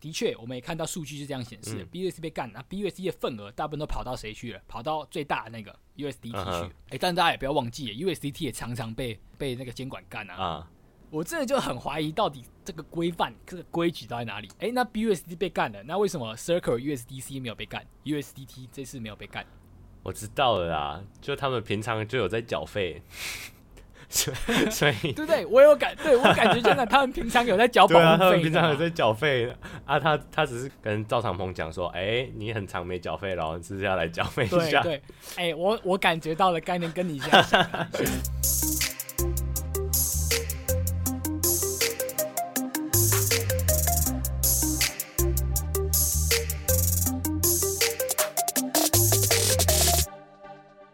的確，我們也看到數據是這樣顯示，BUSD 被幹，那、嗯啊、BUSD 的份額大部分都跑到誰去了？跑到最大的那個 USDT 去了。誒、啊哈欸，但大家也不要忘記，USDT 也常常被被那個監管幹啊。啊我真的就很懷疑，到底這個規範、這個規矩到底在哪裡？誒、欸，那 BUSD 被幹了，那為什麼 Circle USDC 沒有被幹？USDT 這次沒有被幹？我知道了啦，就他們平常就有在繳費。 所以， 對不對？我有感，對我感覺真的、 啊，他們平常有在繳保護費，平常有在繳費啊。他他只是跟趙長鵬講說，誒，你很長沒繳費然後只是,是要來繳費一下？對,對，誒，我我感覺到了，概念跟你一樣。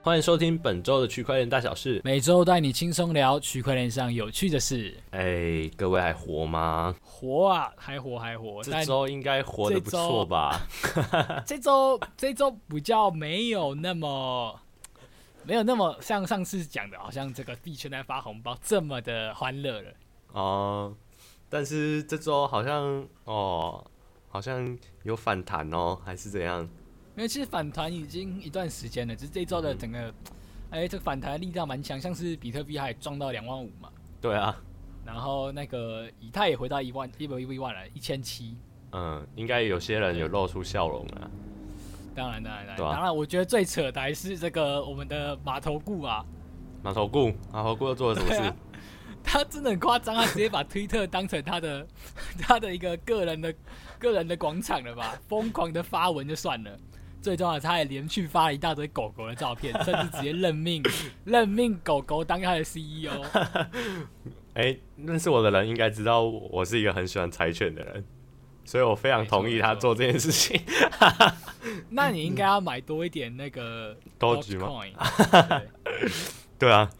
歡迎收聽本周的區塊鏈大小事，每周帶你輕鬆聊區塊鏈上有趣的事。誒、欸，各位還活嗎？活啊，還活還活。但這周應該活得不錯吧？這周 這周比較沒有那麼沒有那麼像上次講的，好像這個幣圈在發紅包這麼的歡樂了。哦、呃，但是這周好像哦，好像有反彈哦，還是怎樣？因為其實反彈已經一段時間了，只是這周的整個，哎、嗯，這個反彈力道蠻強，像是比特幣還也撞到兩萬五嘛。對啊。然後那個以太也回到一萬，一百一十一萬了，一千七。嗯，應該有些人有露出笑容了。當然，當然，當然，啊、當然，我覺得最扯的還是這個我們的碼頭固啊。碼頭固，碼頭固又做了什麼事、啊？他真的很誇張啊！直接把推特當成他的 他的一個個人的個人的廣場了吧？瘋狂的發文就算了。最重要，他也連續發了一大堆狗狗的照片， 甚至直接任命 任命狗狗當他的 CEO。哎、 欸，認識我的人應該知道，我是一個很喜歡柴犬的人，所以我非常同意他做這件事情。那你應該要買多一點那個 Dogecoin。對啊，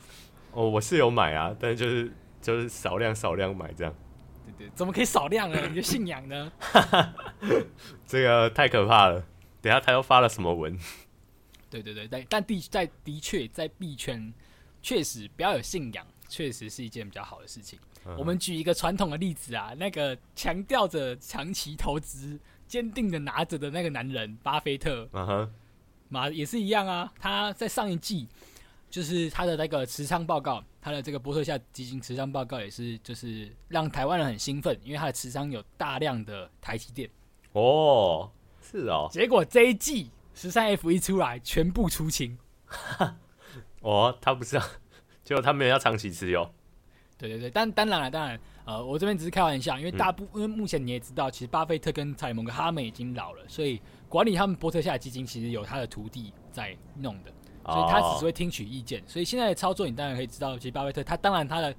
哦，我是有買啊，但是就是就是少量少量買這樣。對，對對，怎麼可以少量呢？ 你的信仰呢？ 這個太可怕了。等下他又發了什麼文？對對對，但地在，在的確在幣圈確實比較有信仰，確實是一件比較好的事情。Uh huh. 我們舉一個傳統的例子啊，那個強調着長期投資、堅定的拿着的那個男人——巴菲特，嗯哼、uh，馬、huh. 也是一樣啊。他在上一季就是他的那個持倉報告，他的這個波克夏基金持倉報告也是，就是讓台灣人很興奮，因為他的持倉有大量的台積電哦。Oh. 是哦，結果這一季，十三 F 一出來，全部出清。 哦，他不是、啊，結果他沒有要長期持有。對對對，但當然了，當然，呃，我這邊只是開玩笑，因為大部，嗯、因為目前你也知道，其實巴菲特跟查理芒格他們已經老了，所以管理他們波特下的基金其實有他的徒弟在弄的，所以他只是會聽取意見。所以現在的操作，你當然可以知道，其實巴菲特他，他當然他的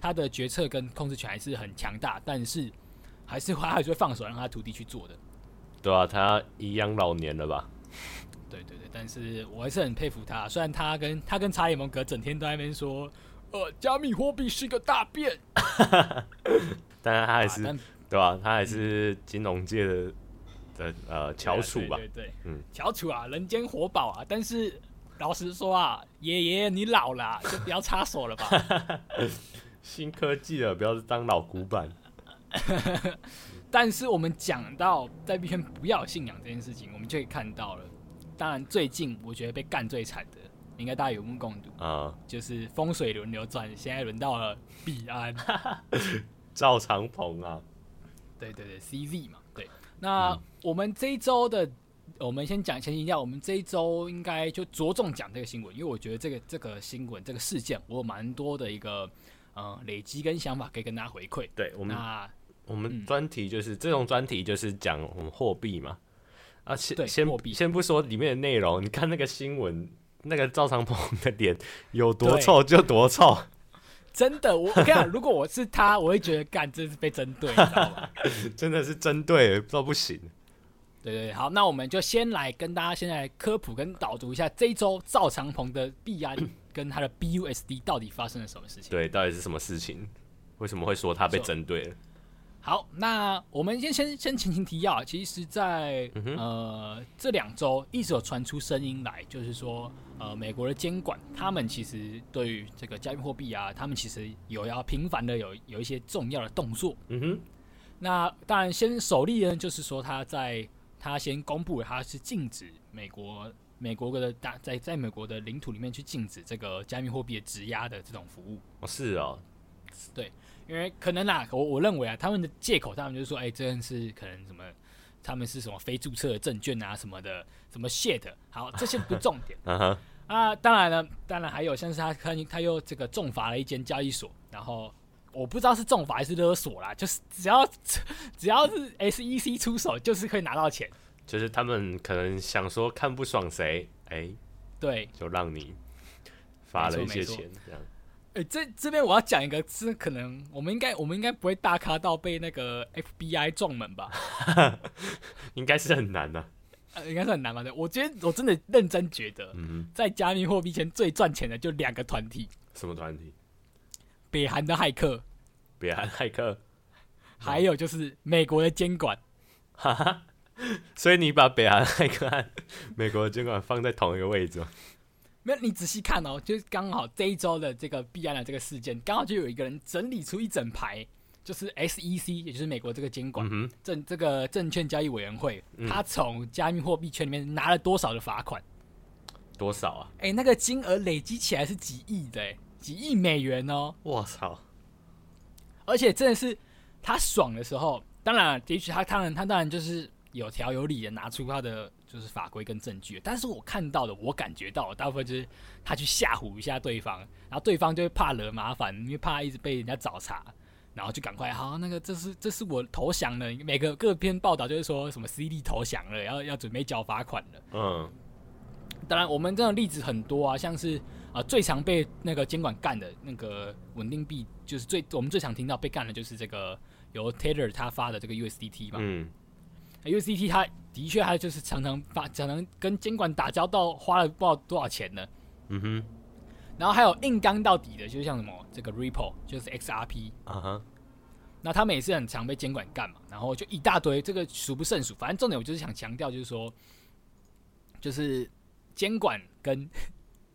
他的決策跟控制權還是很強大，但是還是會還是會放手讓他徒弟去做的。對啊，他頤養老年了吧？對對對，但是我還是很佩服他，雖然他跟他跟查理蒙格整天都在那邊說，呃，加密貨幣是個大便」， 但是他還是啊對啊，他還是金融界的，嗯，金融界的呃翹、啊，楚吧？對，啊，對，對對，嗯，翹楚啊，人間活寶啊！但是老實說啊，爺爺你老了，啊，就不要插手了吧？ 新科技了，不要當老古板。 但是我們講到在 B 圈，不要信仰這件事情，我們就可以看到了。當然，最近我覺得被幹最慘的，應該大家有目共睹啊，嗯、就是風水輪流轉，現在輪到了幣安。趙 長鵬啊。對對對，CZ 嘛，對。那、嗯、我們這一周的，我們先講前提一下，我們這一周應該就着重講這個新聞，因為我覺得這個這個新聞這個事件，我有蠻多的一個嗯、呃、累積跟想法可以跟大家回饋。對，我們那。我們專題就是、嗯、這種專題，就是講我們貨幣嘛。啊，先先先不說裡面的內容。你看那個新聞，那個趙長鵬的臉有多臭，就多臭。真的，我跟你講，啊、 如果我是他，我會覺得幹，這是被針對。你知道嗎 真的是針對，不知道不行。對,對對，好，那我們就先來跟大家先來科普跟導讀一下，這周趙長鵬的幣安跟他的 BUSD 到底發生了什麼事情？對，到底是什麼事情？為什麼會說他被針對了？好，那我們先先先進行提要啊。其實在，在、嗯哼，呃這兩週一直有傳出聲音來，就是說，呃，美國的監管，他們其實對於這個加密貨幣啊，他們其實有要頻繁的有有一些重要的動作。嗯哼，那當然，先首例呢，就是說他在他先公布了他是禁止美國美國的大在在美國的領土裡面去禁止這個加密貨幣的質押的這種服務。哦，是哦，對。因為可能啦，我我認為啊，他們的借口，他們就是說，哎、欸，這是可能什麼，他們是什麼非註冊證券啊，什麼的，什麼 shit，好，這些不重點。 啊，當然呢，當然還有像是他，他他又這個重罰了一間交易所，然後我不知道是重罰還是勒索啦，就是只要只要是 SEC 出手，就是可以拿到錢。就是他們可能想說看不爽誰，哎、欸，對，就讓你罰了一些錢這樣。欸、這這邊我要講一個，這可能我們應該我們應該不會大咖到被那個 FBI 撞門吧？ 應該是很難的、啊啊，應該是很難吧？對，我覺得我真的認真覺得，嗯、哼在加密貨幣前最賺錢的就兩個團體。什麼團體？北韓的駭客，北韓駭客，還有就是美國的監管。哈哈，啊、 所以你把北韓駭客和美國的監管放在同一個位置嗎？你仔細看哦，就是剛好這一周的這個幣安的這個事件，剛好就有一個人整理出一整排，就是 SEC，也就是美國這個監管證、嗯、哼這個證券交易委員會，嗯、他從加密貨幣圈裡面拿了多少的罰款？多少啊？哎，那個金額累積起來是幾億的，幾億美元哦！我操！而且真的是他爽的時候，當然，也許他當然他，他當然就是有條有理的拿出他的。就是法規跟證據，但是我看到的，我感覺到的大部分就是他去嚇唬一下對方，然後對方就會怕惹麻煩，因為怕一直被人家找茬，然後就趕快好、啊、那個這是這是我投降了。每個各篇報道就是說什麼 C D 投降了，要要準備交罰款了。嗯，uh. 當然我們這種例子很多啊，像是啊、呃、最常被那個監管幹的那個穩定幣，就是最我們最常聽到被幹的就是這個由 Tether 他發的這個 USDT 嘛。嗯，uh, USDT 他。的確，還有就是常常發，常常跟監管打交道花，了不知道多少錢呢。嗯哼。然後還有硬剛到底的，就像什麼這個 Ripple 就是 XRP。啊哼。那他們也是很常被監管幹嘛？然後就一大堆，這個數不勝數。反正重點我就是想強調，就是說，就是監管跟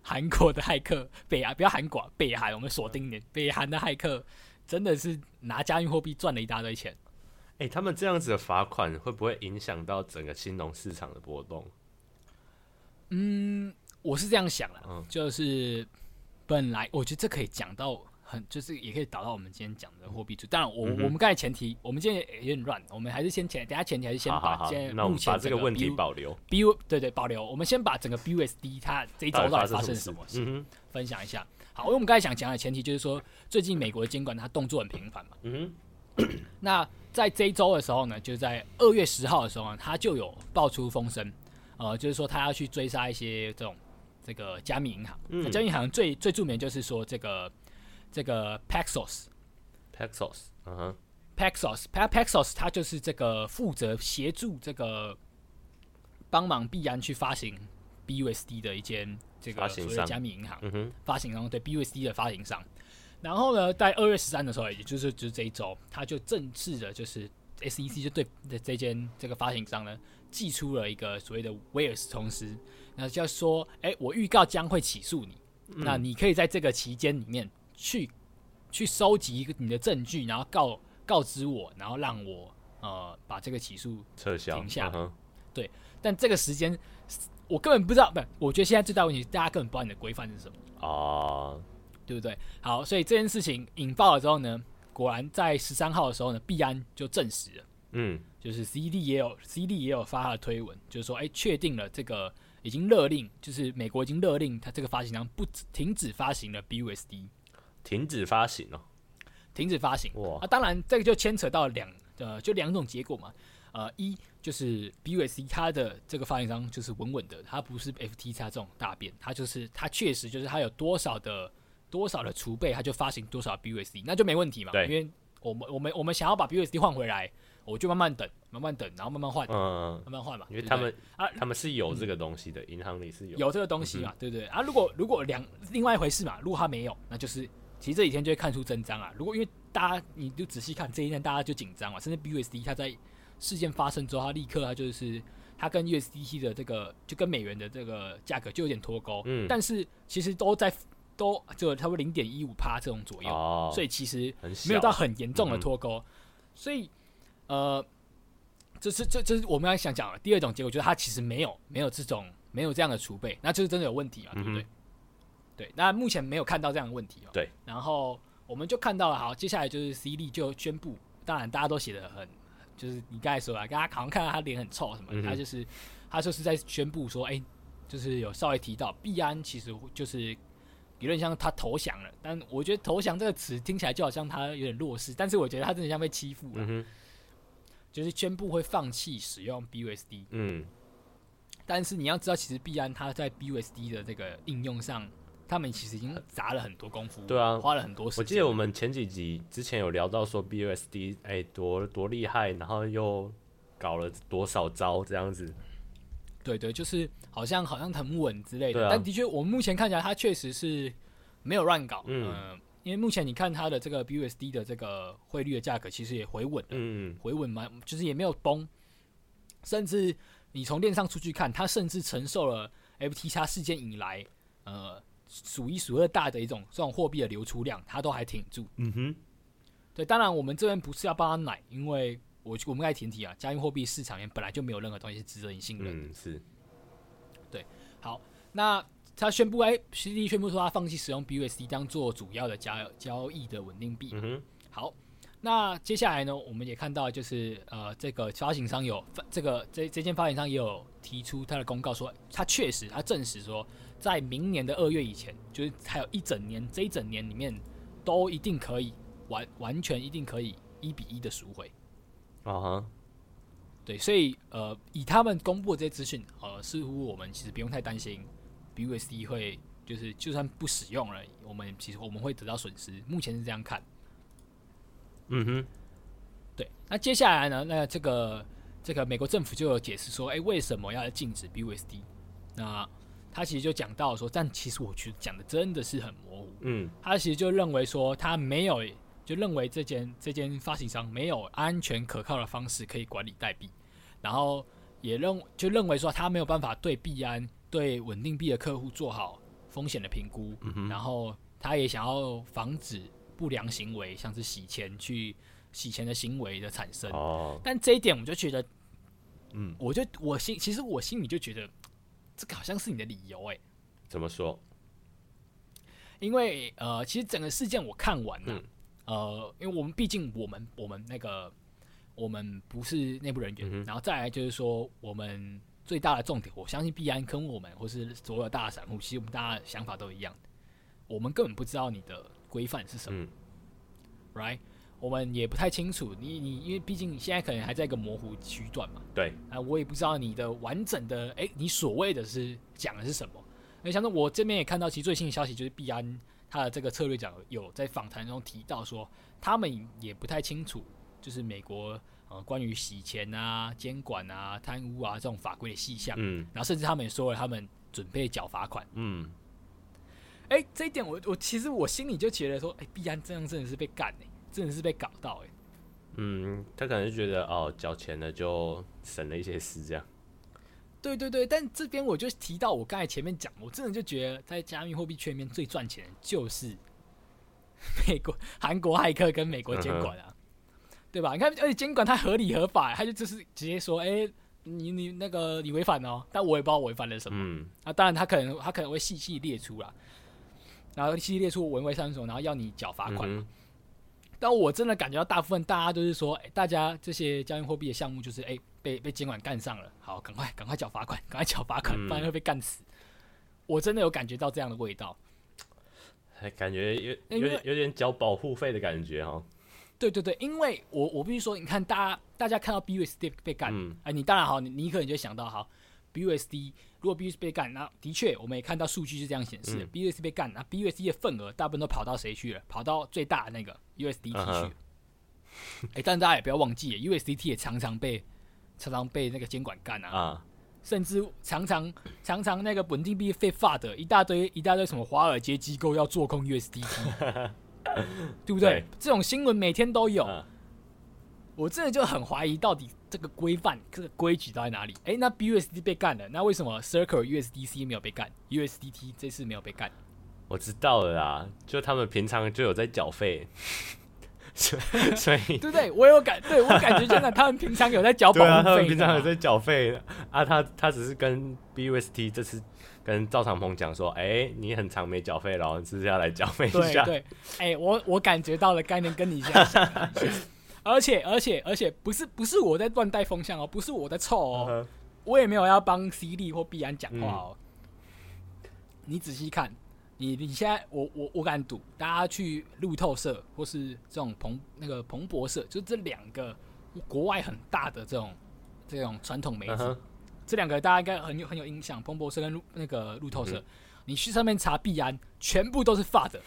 韓國的駭客，北啊，不要韓國，北韓，我們鎖定、嗯、的，北韓的駭客，真的是拿加密貨幣賺了一大堆錢。哎、欸，他們這樣子的罰款會不會影響到整個金融市場的波動？嗯，我是這樣想的，嗯、就是本來我覺得這可以講到很，就是也可以導到我們今天講的貨幣。當然我，我、嗯、哼我們剛才前提，我們今天也有點亂，我們還是先前，等下前提還是先把先目前個, B, 把這個問題保留。B, B 對,對對，保留，我們先把整個 BUSD 它這一周到底發生什麼事，嗯分享一下。好，因為我們剛才想講的前提就是說，最近美國的監管它動作很頻繁嘛，嗯 那在這一周的時候呢，就在二月十號的時候呢，他就有爆出風聲，呃，就是說他要去追殺一些這種這個加密銀行。加密銀行最最著名就是說這個這個 Paxos，Paxos，Paxos，Paxos，、uh huh、它，就是這個負責協助這個幫忙幣安去發行 BUSD 的一間這個所謂的加密銀行，發行商，、嗯、發行商對 BUSD 的發行商。然後呢，在二月十三的時候，也就是就是這一周，他就正式的，就是 SEC 就對這間這個發行商呢寄出了一個所謂的威爾斯通知，那就說，哎，我預告將會起訴你，嗯、那你可以在這個期間裡面去去收集一個你的證據，然後告告知我，然後讓我呃把這個起訴停撤銷下。嗯、對，但這個時間我根本不知道，不，我覺得現在最大問題，大家根本不知道你的規範是什麼啊。對不對？好，所以這件事情引爆了之後呢，果然在十三號的時候呢，幣安就證實了，嗯，就是 C D 也有 C D 也有發他的推文，就是說，哎，確定了這個已經勒令，就是美國已經勒令他這個發行商不止停止發行了 BUSD，停止發行哦，停止發行哇！啊，當然這個就牽扯到兩呃，就兩種結果嘛，呃，一就是 BUSD 它的這個發行商就是穩穩的，它不是 FTX 它這種大便，它就是它確實就是它有多少的。多少的儲備，他就發行多少 BUSD，那就沒問題嘛。對因為我們我們我們想要把 BUSD 換回來，我就慢慢等，慢慢等，然後慢慢換，嗯、慢慢換嘛。因為他們對對啊，他們是有這個東西的，銀、嗯、行裡是有有這個東西嘛，嗯、哼對不對，對？啊，如果如果兩另外一回事嘛，如果他沒有，那就是其實這幾天就會看出真章啊。如果因為大家你就仔細看，這一天大家就緊張了。甚至 BUSD 它在事件發生之後，它立刻它就是它跟 USDC 的這個就跟美元的這個價格就有點脫鈎，嗯、但是其實都在。都就差不多零點一五趴，這種左右，哦、所以其實沒有到很嚴重的脫鈎，嗯嗯，所以呃，這是這這是我們要想講的第二種結果，就是他其實沒有沒有這種沒有這樣的儲備，那就是真的有問題嘛，對不對？嗯嗯對，那目前沒有看到這樣的問題哦、喔。對。然後我們就看到了，好，接下來就是 C D 就宣布，當然大家都寫得很，就是你剛才說了，大家好像看到他臉很臭什麼的，他就是他說是在宣布說，哎、欸，就是有稍微提到必安其實就是。理論上像他投降了，但我覺得“投降”這個詞聽起來就好像他有點弱勢，但是我覺得他真的像被欺負了，嗯、哼就是宣布會放棄使用 BUSD。嗯，但是你要知道，其實幣安他在 BUSD 的這個應用上，他們其實已經砸了很多功夫，啊對啊，花了很多時間。我記得我們前幾集之前有聊到說 BUSD，哎、欸，多多厲害，然後又搞了多少招這樣子。對的，就是好像好像很穩之類的，啊、但的確，我們目前看起來它確實是沒有亂搞，嗯、呃，因為目前你看它的這個 BUSD 的這個匯率的價格，其實也回穩了，嗯，回穩嘛，就是也沒有崩，甚至你從鏈上出去看，它甚至承受了 FTX 事件以來，呃，數一數二大的一種這種貨幣的流出量，它都還挺住，嗯哼，對，當然我們這邊不是要幫他奶，因為。我我們來提一提啊！加密貨幣市場裡面本來就沒有任何東西是值得你信任的。嗯、是。對，好，那他宣布，哎、欸、，CD 宣布說他放棄使用 BUSD 當做主要的交交易的穩定幣。嗯、哼好，那接下來呢，我們也看到就是呃，這個發行商有這個這這件發行商也有提出他的公告說，說他確實他證實說，在明年的二月以前，就是還有一整年，這一整年裡面都一定可以完完全一定可以一比一的贖回。啊哈，uh huh. 對，所以呃，以他們公布的這些資訊，呃，似乎我們其實不用太擔心，BUSD 會就是就算不使用而已，我們其實我們會得到損失，目前是這樣看。嗯哼、mm，hmm. 對，那接下來呢？那這個這個美國政府就有解釋說，哎、欸，為什麼要禁止 BUSD？那他其實就講到說，但其實我覺得講的真的是很模糊。嗯、mm，hmm. 他其實就認為說，他沒有。就認為這間這間發行商沒有安全可靠的方式可以管理代幣，然後也認就認為說他沒有辦法對幣安對穩定幣的客戶做好風險的評估，嗯哼。然後他也想要防止不良行為，像是洗錢去洗錢的行為的產生。哦。但這一點我就覺得，嗯，我就我心其實我心裡就覺得這個好像是你的理由哎、欸，怎麼說？因為呃，其實整個事件我看完了。嗯呃，因為我們畢竟我們我們那個我們不是內部人員，嗯、哼然後再來就是說，我們最大的重點，我相信幣安跟我們，或是所有大散戶，其實我們大家的想法都一樣的，我們根本不知道你的規範是什麼、嗯、，right？我們也不太清楚，你你因為畢竟現在可能還在一個模糊區段嘛，對，啊、呃，我也不知道你的完整的，哎、欸，你所謂的是講的是什麼？那相對我這邊也看到，其實最新的消息就是幣安。他的這個策略，講有在訪談中提到說，他們也不太清楚，就是美國呃關於洗錢啊、監管啊、貪污啊這種法規的細項，嗯，然後甚至他們也說了他們準備繳罰款，嗯，哎、欸，這一點我我其實我心裡就覺得說，哎、欸，幣安這樣真的是被幹、欸、真的是被搞到哎、欸，嗯，他可能是覺得哦繳錢了就省了一些事這樣。對對對，但這邊我就提到，我剛才前面講，我真的就覺得在加密貨幣圈裡面最賺錢的就是美國、韓國駭客跟美國監管啊，uh huh. 對吧？你看，而且監管他合理合法，他就只是直接說：“哎、欸，你你那個你違反了、哦。”但我也不知道違反了什麼。那、嗯啊、當然他，他可能他可能會細細列出啦，然後細細列出文為三所，然後要你繳罰款嘛。Uh huh. 但我真的感覺到大部分大家都是說，欸、大家這些加密貨幣的項目就是哎。欸被被監管幹上了，好，趕快趕快繳罰款，趕快繳罰款，嗯、不然會被幹死。我真的有感覺到這樣的味道，還感覺有有為有點繳保護費的感覺哈。對對對，因為我我必須說，你看大家大家看到 BUSD 被幹，哎、嗯欸，你當然好，你你可能就想到哈 BUSD 如果 BUSD 被幹，那、啊、的確我們也看到數據是這樣顯示、嗯、，BUSD 被幹，那、啊、BUSD 的份額大部分都跑到誰去了？跑到最大的那個 USDT 去了。哎、啊哈欸，但大家也不要忘記，USDT 也常常被。常常被那個監管幹啊，uh, 甚至常常常常那個穩定幣非法的，一大堆一大堆什麼華爾街機構要做空 USDT，對不對？對，這種新聞每天都有，uh, 我真的就很懷疑到底這個規範這個規矩到底在哪裡？哎、欸，那 BUSD 被幹了，那為什麼 Circle USDC 沒有被幹？USDT 這次沒有被幹？我知道了啊，就他們平常就有在繳費。 所以， 對不對？我有感，對我感覺真的，啊啊，他們平常有在繳保費，平常有在繳費啊。他他只是跟 BUSD 這次跟趙長鵬講說，哎，你很長沒繳費了，然後是，是要來繳費一下？對哎，我我感覺到了，概念跟你一樣。 而且而且而且，不是不是我在亂帶風向哦，不是我在臭哦，uh huh. 我也沒有要幫 C 力或幣安講話哦，嗯。你仔細看。你你現在，我我我敢賭，大家去路透社或是這種彭那個彭博社，就這兩個國外很大的這種這種傳統媒體，uh huh. 這兩個大家應該很有很有影響。彭博社跟路那個路透社，嗯、你去上面查安，必然全部都是發的，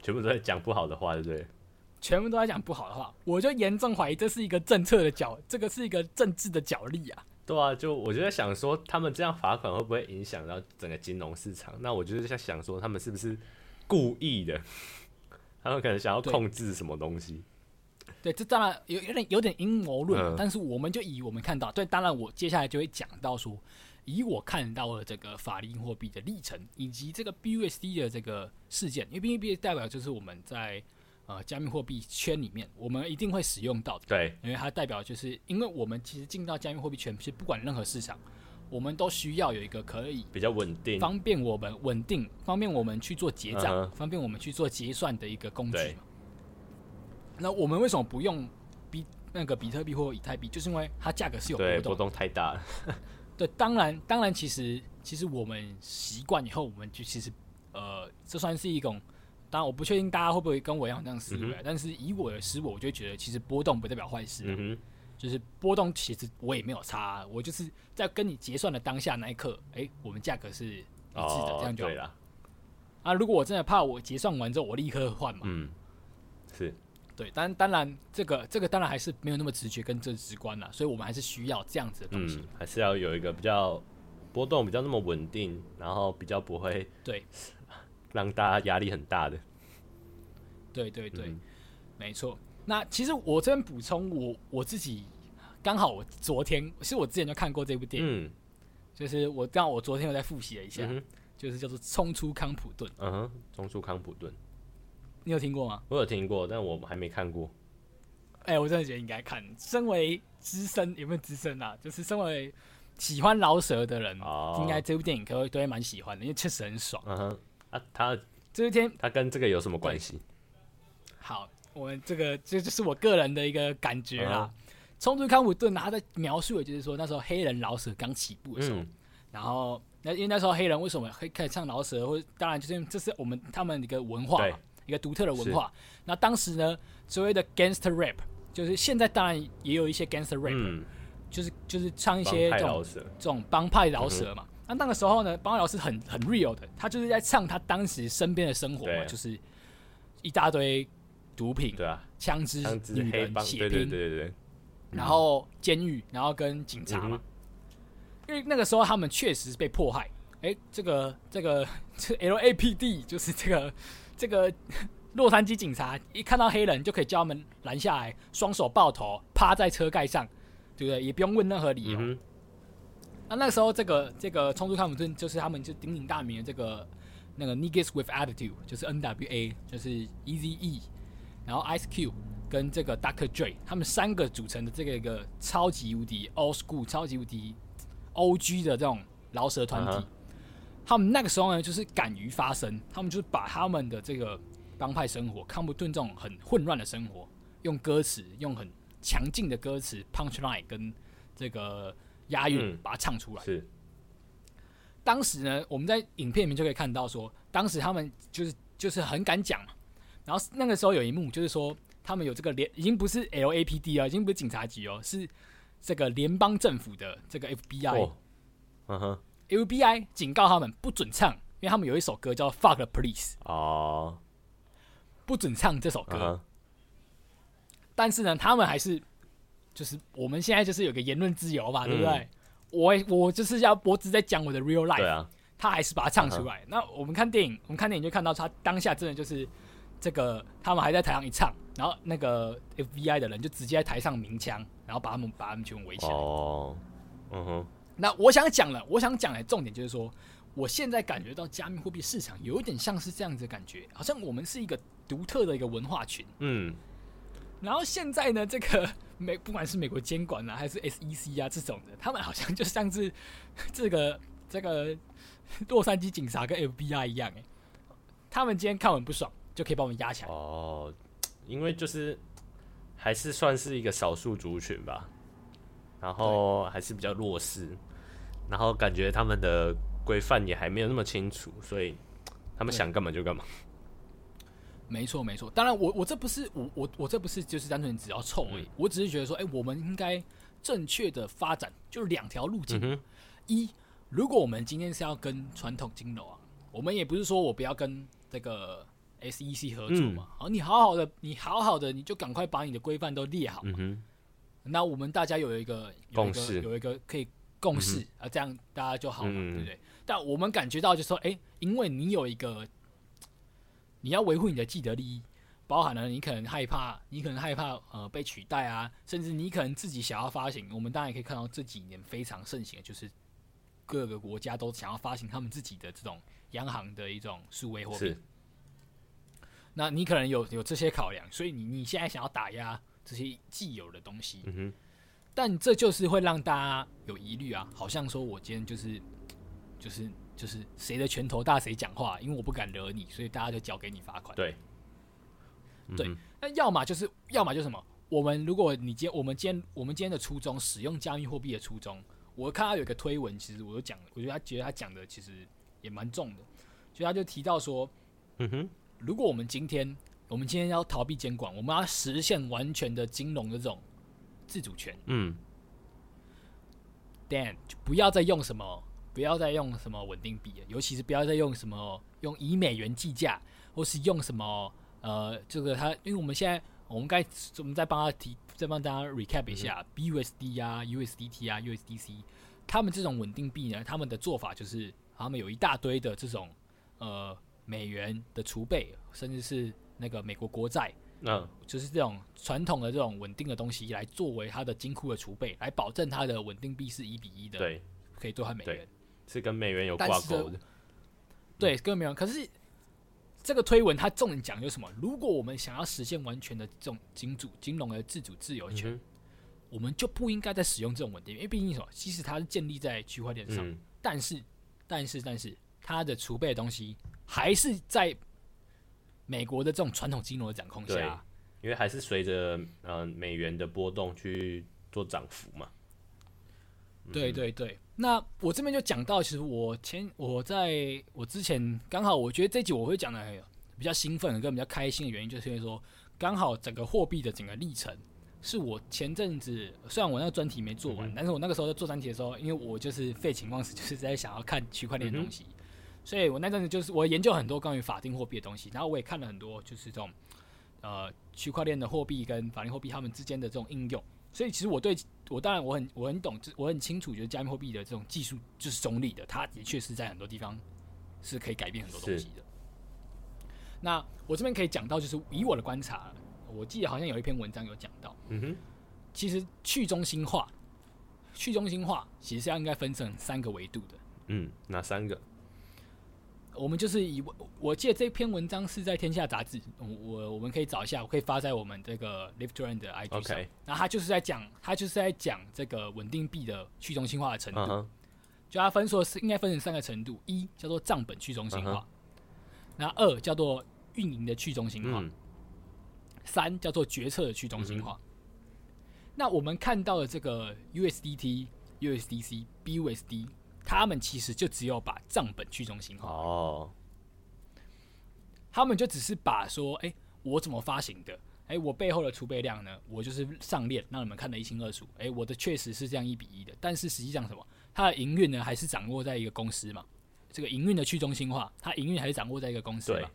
全部都在講不好的話。對，對不對？全部都在講不好的話，我就嚴重懷疑這是一個政策的角，這個是一個政治的角力啊。對啊，就我就在想說，他們這樣罰款會不會影響到整個金融市場？那我就是在想說，他們是不是故意的呵呵？他們可能想要控制什麼東西？對，對，這當然有有點有點陰謀論，嗯，但是我們就以我們看到，對，當然我接下來就會講到說，以我看到的這個法定貨幣的歷程，以及這個 BUSD 的這個事件，因為 BUSD 代表就是我們在。呃，加密貨幣圈裡面，我們一定會使用到的，對，因為它代表就是，因為我們其實進到加密貨幣圈，其實不管任何市場，我們都需要有一個可以比較穩定、方便我們穩定、方便我們去做結賬、uh huh. 方便我們去做結算的一個工具嘛。對那我們為什麼不用比那個比特幣或者以太幣？就是因為它價格是有波動，波動太大了。 對，當然，當然，其實其實我們習慣以後，我們就其實呃，這算是一種。當然，我不確定大家會不會跟我一樣這樣思維，嗯、哼但是以我的思維，我就覺得其實波動不代表壞事，嗯、哼就是波動其實我也沒有差、啊，我就是在跟你結算的當下那一刻，哎、欸，我們價格是一致的，哦、這樣就可以了。啦啊，如果我真的怕我結算完之後我立刻換嘛，嗯，是對，但當然這個這個當然還是沒有那麼直覺跟直觀吶，所以我們還是需要這樣子的東西、嗯，還是要有一個比較波動比較那麼穩定，然後比較不會對讓大家壓力很大的。對對對，嗯、沒錯。那其實我這邊補充我，我我自己剛好我昨天，其實我之前就看過這部電影，嗯、就是我，剛好，我昨天又在複習了一下，嗯、哼就是叫做《衝出康普頓》。嗯哼，《衝出康普頓》，你有聽過嗎？我有聽過，但我還沒看過。哎、欸，我真的覺得應該看。身為資深，有沒有資深啊？就是身為喜歡饒舌的人，哦、應該這部電影都都會蠻喜歡的，因為確實很爽。嗯哼，啊，他這一天他跟這個有什麼關係？好，我們這個這就,就是我個人的一個感覺啦。衝、uh huh. 突康普頓拿的描述，也就是說那時候黑人饒舌剛起步的時候，嗯、然後那因為那時候黑人為什麼會開始唱饒舌，或當然就是因為這是我們他們一個文化嘛，對一個獨特的文化。是那當時呢，所謂的 gangster rap，就是現在當然也有一些 gangster rap，、嗯、就是就是唱一些這種這種幫派饒舌嘛。嗯、哼那那個時候呢，幫派饒舌很很 real 的，他就是在唱他當時身邊的生活嘛，對就是一大堆。毒品、槍支、黑人血拼，對對對對，然後監獄，嗯、哼然後跟警察嘛，嗯、哼因為那個時候他們確實被迫害。哎，這個這個這 LAPD 就是這個這個洛杉磯警察，一看到黑人就可以叫他們攔下來，雙手抱頭，趴在車蓋上，對不對？也不用問任何理由。那、嗯哼啊、那個時候、這個，這個這個衝出康普頓就是他們就鼎鼎大名的這個那個 Niggas with Attitude，就是 NWA，就是 Eazy-E. 然後 Ice Cube 跟這個 Dr. Dre 他們三個組成的這個一個超級無敵 Old School 超級無敵 O G 的這種饒舌團體，嗯、哼他們那個時候呢，就是敢於發聲，他們就把他們的這個幫派生活、康普頓這種很混亂的生活，用歌詞用很強勁的歌詞 Punchline、嗯、跟這個押韻、嗯、把它唱出來。是當時呢，我們在影片裡面就可以看到說，當時他們就是就是很敢講嘛。然後那個時候有一幕，就是說他們有這個聯，已經不是 LAPD 了，已經不是警察局哦，是這個聯邦政府的這個 FBI。嗯哼、oh, uh huh.，FBI 警告他們不准唱，因為他們有一首歌叫《Fuck the Police》哦，不准唱這首歌。Uh huh. 但是呢，他們還是就是我們現在就是有個言論自由吧，嗯、對不對？我我就是要我只在講我的 real life，、啊、他還是把它唱出來。Uh huh. 那我們看電影，我們看電影就看到他當下真的就是。這個他們還在台上一唱，然後那個 FBI 的人就直接在台上鳴槍，然後把他們把他們全圍起來。哦，嗯哼。那我想講了，我想講的重點就是說，我現在感覺到加密貨幣市場有一點像是這樣子的感覺，好像我們是一個獨特的一個文化群。嗯。然後現在呢，這個美不管是美國監管啊，還是 SEC 啊這種的，他們好像就像是這個這個洛杉磯警察跟 FBI 一樣、欸，誒，他們今天看完不爽。就可以把我們壓起來哦，oh, 因為就是還是算是一個少數族群吧，然後還是比較弱勢，對然後感覺他們的規範也還沒有那麼清楚，所以他們想幹嘛就幹嘛。沒錯沒錯，當然我我這不是我我我這不是就是單純只要衝而已，對我只是覺得說，哎、欸，我們應該正確的發展，就兩條路徑。嗯、哼一，如果我們今天是要跟傳統金融啊，我們也不是說我不要跟這個。SEC 合作嘛，好、嗯哦，你好好的，你好好的，你就趕快把你的規範都列好嘛。嗯、哼那我們大家有一個有一個、識有一個可以共識、嗯、哼啊，這樣大家就好了，嗯、哼對不對，對？但我們感覺到就是說，哎、欸，因為你有一個，你要維護你的既得利益，包含了你可能害怕，你可能害怕呃被取代啊，甚至你可能自己想要發行。我們當然也可以看到這幾年非常盛行的就是各個國家都想要發行他們自己的這種央行的一種數位貨幣。是那你可能有有這些考量，所以你你現在想要打壓這些既有的東西，嗯哼。但這就是會讓大家有疑慮啊，好像說我今天就是就是就是誰的拳頭大誰講話，因為我不敢惹你，所以大家就交給你罰款。對，對，那要麼就是，要麼就是什麼？我們如果你今天我們今天我們今天的初衷，使用加密貨幣的初衷，我看到有一個推文，其實我都講了，我覺得他覺得他講的其實也蠻重的，所以他就提到說，嗯哼如果我們今天，我們今天要逃避監管，我們要實現完全的金融的這種自主權，嗯，Dan 就不要再用什麼，不要再用什麼穩定幣了，尤其是不要再用什麼用以美元計價，或是用什麼呃，這個他，因為我們現在我們該，我們再幫他提，再幫大家 recap 一下，BUSD 啊 USDT 啊、USDC，他們這種穩定幣呢，他們的做法就是他們有一大堆的這種呃。美元的儲備，甚至是那個美國國債，嗯，就是這種傳統的這種穩定的東西，來作為它的金庫的儲備，來保證它的穩定幣是一比一的，對，可以兌換美元，是跟美元有掛鈎的，這嗯、對，跟美元。可是這個推文他重點講究什麼？如果我們想要實現完全的這種金主金融的自主自由權，嗯、哼我們就不應該再使用這種穩定幣，因為畢竟什麼？即使它是建立在區塊鏈上，嗯、但是，但是，但是它的儲備的東西。還是在美國的這種傳統金融的掌控下，因為還是隨着嗯美元的波動去做漲幅嘛。嗯、對對對，那我這邊就講到，其實我前我在我之前剛好，我覺得這集我會講的比較興奮，跟比較開心的原因，就是因為說剛好整個貨幣的整個歷程是我前陣子雖然我那個專題沒做完，嗯、但是我那個時候在做專題的時候，因為我就是廢寢忘食，就是在想要看區塊鏈的東西。嗯所以我那陣子就是我研究很多關於法定貨幣的東西，然後我也看了很多就是這種，呃，區塊鏈的貨幣跟法定貨幣他們之間的這種應用。所以其實我對我當然我很我很懂，我很清楚，就是加密貨幣的這種技術就是中立的，它的確是在很多地方是可以改變很多東西的。是那我這邊可以講到，就是以我的觀察，我記得好像有一篇文章有講到，嗯哼，其實去中心化，去中心化其實是要應該分成三個維度的，嗯，哪三個？我們就是以我記得，這篇文章是在《天下雜誌》，我我，我們可以找一下，我可以發在我們這個 Live Trend 的 IG 上。Okay. 然後他就是在講，他就是在講這個穩定幣的去中心化的程度。Uh huh. 就他分說是應該分成三個程度：一叫做賬本去中心化，那、uh huh. 二叫做運營的去中心化，uh huh. 三叫做決策的去中心化。Uh huh. 那我們看到的這個 USDT、USDC、BUSD。他們其實就只有把賬本去中心化哦，oh. 他們就只是把說，哎、欸，我怎麼發行的？哎、欸，我背後的儲備量呢？我就是上鏈讓你們看得一清二楚。哎、欸，我的確實是這樣一比一的，但是實際上什麼？它的營運呢，還是掌握在一個公司嘛？這個營運的去中心化，它營運還是掌握在一個公司嘛？對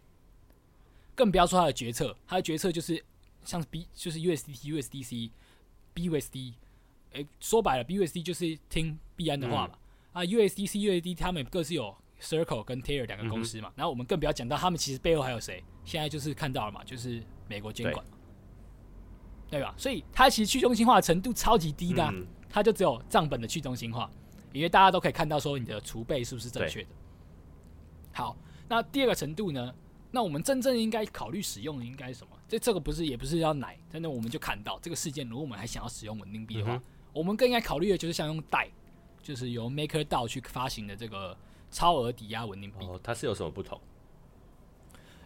更不要說它的決策，它的決策就是像 B 就是 USDT、USDC、BUSD，哎、欸，說白了，BUSD 就是聽幣安的話嘛。嗯。啊，USDC、USD US 他們各自有 Circle 跟 Tether 兩個公司嘛，嗯、哼然後我們更不要講到他們其實背後還有誰，現在就是看到了嘛，就是美國監管，對，對吧？所以它其實去中心化程度超級低的，啊，嗯、它就只有賬本的去中心化，因為大家都可以看到說你的儲備是不是正確的。對好，那第二個程度呢？那我們真正應該考慮使用的應該是什麼？這這個不是也不是要奶，真的我們就看到這個事件，如果我們還想要使用穩定幣的話，嗯、哼我們更應該考慮的就是像用代。就是由 MakerDAO 去發行的這個超額抵押穩定幣。哦，它是有什麼不同？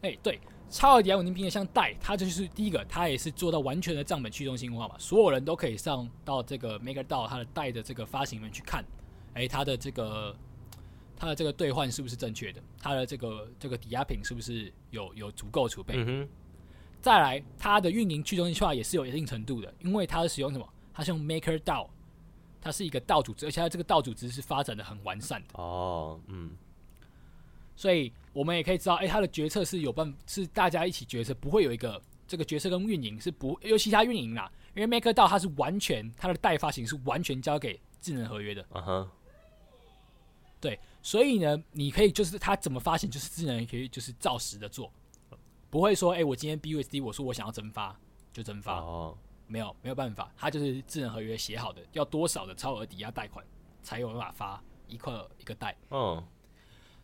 哎、欸，對，超額抵押穩定幣也像 DAI。它就是第一個，它也是做到完全的賬本去中心化嘛，所有人都可以上到這個 MakerDAO 它的 DAI 的這個發行裡面去看，哎、欸，它的這個它的這個兌換是不是正確的？它的這個這個抵押品是不是有有足夠儲備？嗯哼。再來，它的運營去中心化也是有一定程度的，因為它是使用什麼？它是用 MakerDAO。它是一個 DAO 組織，而且它這個 DAO 組織是發展的很完善的。哦，oh, 嗯，所以我們也可以知道，哎、欸，它的決策是有辦，是大家一起決策，不會有一個這個決策跟運營是不尤其他運營啦，因為 Maker DAO 它是完全它的代發行是完全交給智能合約的。Uh huh. 對，所以呢，你可以就是它怎麼發行，就是智能合約，就是照實的做，不會說，哎、欸，我今天 BUSD 我說我想要增發就增發。沒有沒有辦法，它就是智能合約寫好的，要多少的超額抵押貸款才有辦法發一塊一個貸。哦。Oh.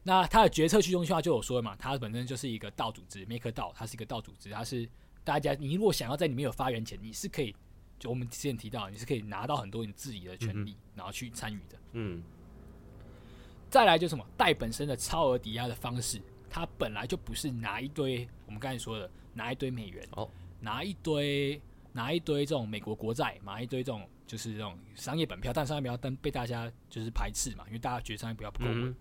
那它的決策去中心化就有說了嘛，它本身就是一個道組織，MakerDAO，它是一個道組織，它是大家，你如果想要在裡面有發言權，你是可以，就我們之前提到，你是可以拿到很多你自己的權利，mm hmm. 然後去參與的。嗯、mm。Hmm. 再來就是什麼貸本身的超額抵押的方式，它本來就不是拿一堆，我們剛才說的拿一堆美元，oh. 拿一堆。拿一堆這種美國國債，拿一堆這種就是這種商業本票，但商業本票被大家就是排斥嘛，因為大家覺得商業本票不夠穩。嗯嗯，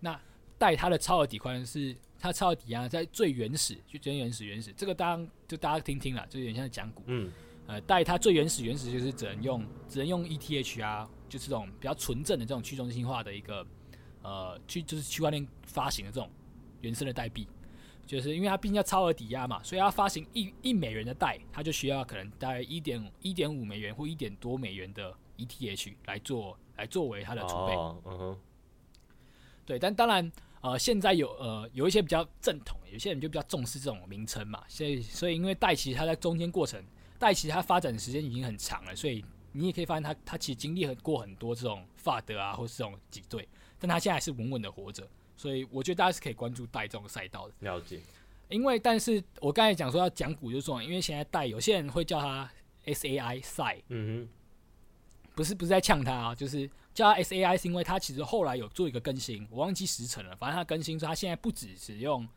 那貸它的超額抵押是它超額抵押在最原始，就最原始、原始。這個當就大家聽聽了，就有點像講古。嗯、嗯，呃，貸它最原始、原始就是只能用，只能用 ETH 啊，就是這種比較純正的這種去中心化的一個呃去就是區塊鏈發行的這種原生的代幣。就是因為它畢竟要超額抵押嘛，所以它發行一一美元的 DAI，它就需要可能大概一點一點五美元或一點多美元的 ETH 來做來作為它的儲備。Oh, uh huh. 對，但當然，呃，現在有呃有一些比較正統，有些人就比較重視這種名稱嘛。所以所以因為 DAI 其實它在中間過程，DAI 其實它發展的時間已經很長了，所以你也可以發現它它其實經歷過很多這種 FUD 啊，或是這種擠兌，但它現在還是穩穩的活着。所以我覺得大家是可以關注帶這種賽道的。了解。因為但是我剛才講說要講股就重要，因為現在帶有些人會叫它 I, S A I 賽，嗯哼，不是不是在嗆他啊，就是叫他 S A I 是因為他其實後來有做一個更新，我忘記時辰了，反正他更新說他現在不止使用，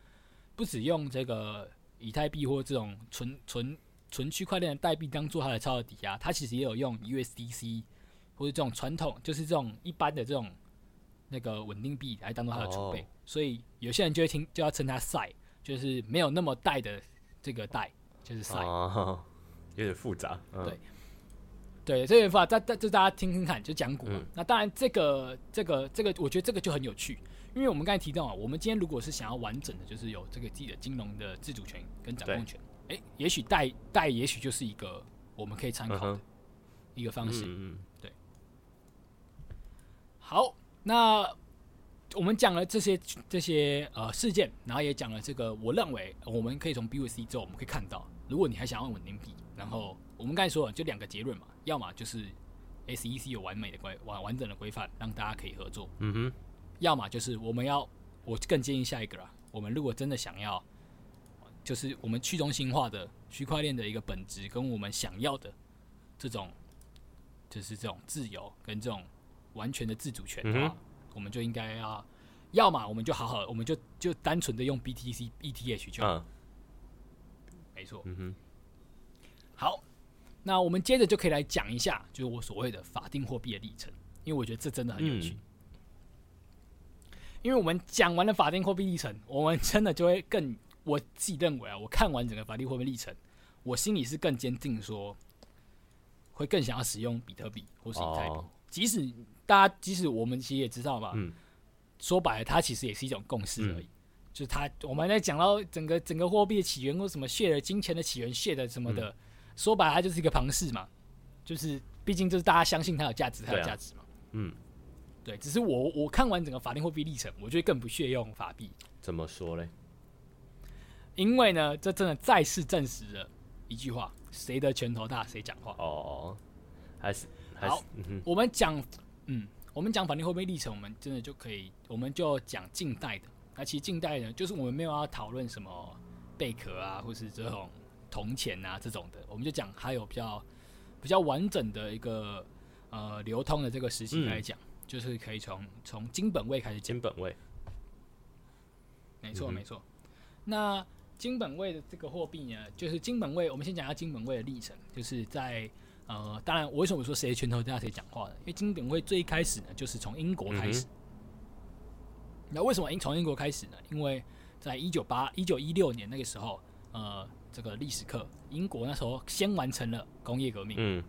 不止用這個以太幣或這種純純純區塊鏈的代幣當做他的超額抵押，他其實也有用 U S D C 或者這種傳統，就是這種一般的這種。那個穩定幣來當做它的儲備，oh. 所以有些人就會聽就要稱它“塞”，就是沒有那麼帶的這個帶，就是“塞、oh. 對”，有點複雜。對、oh. 對，這以、個、無法，但就大家聽聽看，就講古嘛。嗯、那當然、這個，這個這個這個，我覺得這個就很有趣，因為我們剛才提到啊，我們今天如果是想要完整的，就是有這個自己的金融的自主權跟掌控權，哎對、欸，也許貸貸也許就是一個我們可以參考的一個方式。嗯對，對。好。那我們講了這些這些呃事件，然後也講了這個，我認為我們可以從 BUSD 之後我們可以看到，如果你還想要穩定幣，然後我們剛才說了就兩個結論嘛，要麼就是 SEC 有完美的規完完整的規範讓大家可以合作，嗯哼，要麼就是我們要，我更建議下一個了，我們如果真的想要，就是我們去中心化的區塊鏈的一個本質跟我們想要的這種，就是這種自由跟這種。完全的自主權啊，嗯、哼我們就應該要，要麼我們就好好，我們就就單純的用 BTC、ETH 就好，沒錯。嗯哼。好，那我們接着就可以來講一下，就是我所謂的法定貨幣的歷程，因為我覺得這真的很有趣。嗯、因為我們講完了法定貨幣歷程，我們真的就會更，我自己認為啊，我看完整個法定貨幣歷程，我心裡是更堅定說，會更想要使用比特幣或是以太幣，哦、即使。大家，即使我們其實也知道嘛，嗯、說白了，它其實也是一種共識而已。嗯、就是它，我們在講到整個整個貨幣的起源，或什麼血的金錢的起源、血的什麼的，嗯、說白了，他就是一個龐氏嘛。就是，畢竟就是大家相信它有價值，他有價值嘛。嗯，對。只是我我看完整個法定貨幣歷程，我覺得更不屑用法幣。怎麼說呢？因為呢，這真的再次證實了一句話：誰的拳頭大，誰講話。哦哦，還是，還是、嗯、好、我們講。嗯，我們講法定貨幣歷程，我們真的就可以，我們就講近代的。那其實近代呢，就是我們沒有要討論什麼貝殼啊，或是這種銅錢啊這種的，我們就講還有比較比較完整的一個呃流通的這個時期來講，嗯、就是可以從從金本位開始。金本位，沒錯錯、嗯、哼沒錯。那金本位的這個貨幣呢，就是金本位，我們先講下金本位的歷程，就是在。呃，當然，我為什麼說誰拳頭大誰講話呢？因為金本位最開始呢，就是從英國開始。那、嗯、哼為什麼英從英國開始呢？因為在一九八一九一六年那個時候，呃，這個歷史課，英國那時候先完成了工業革命，嗯，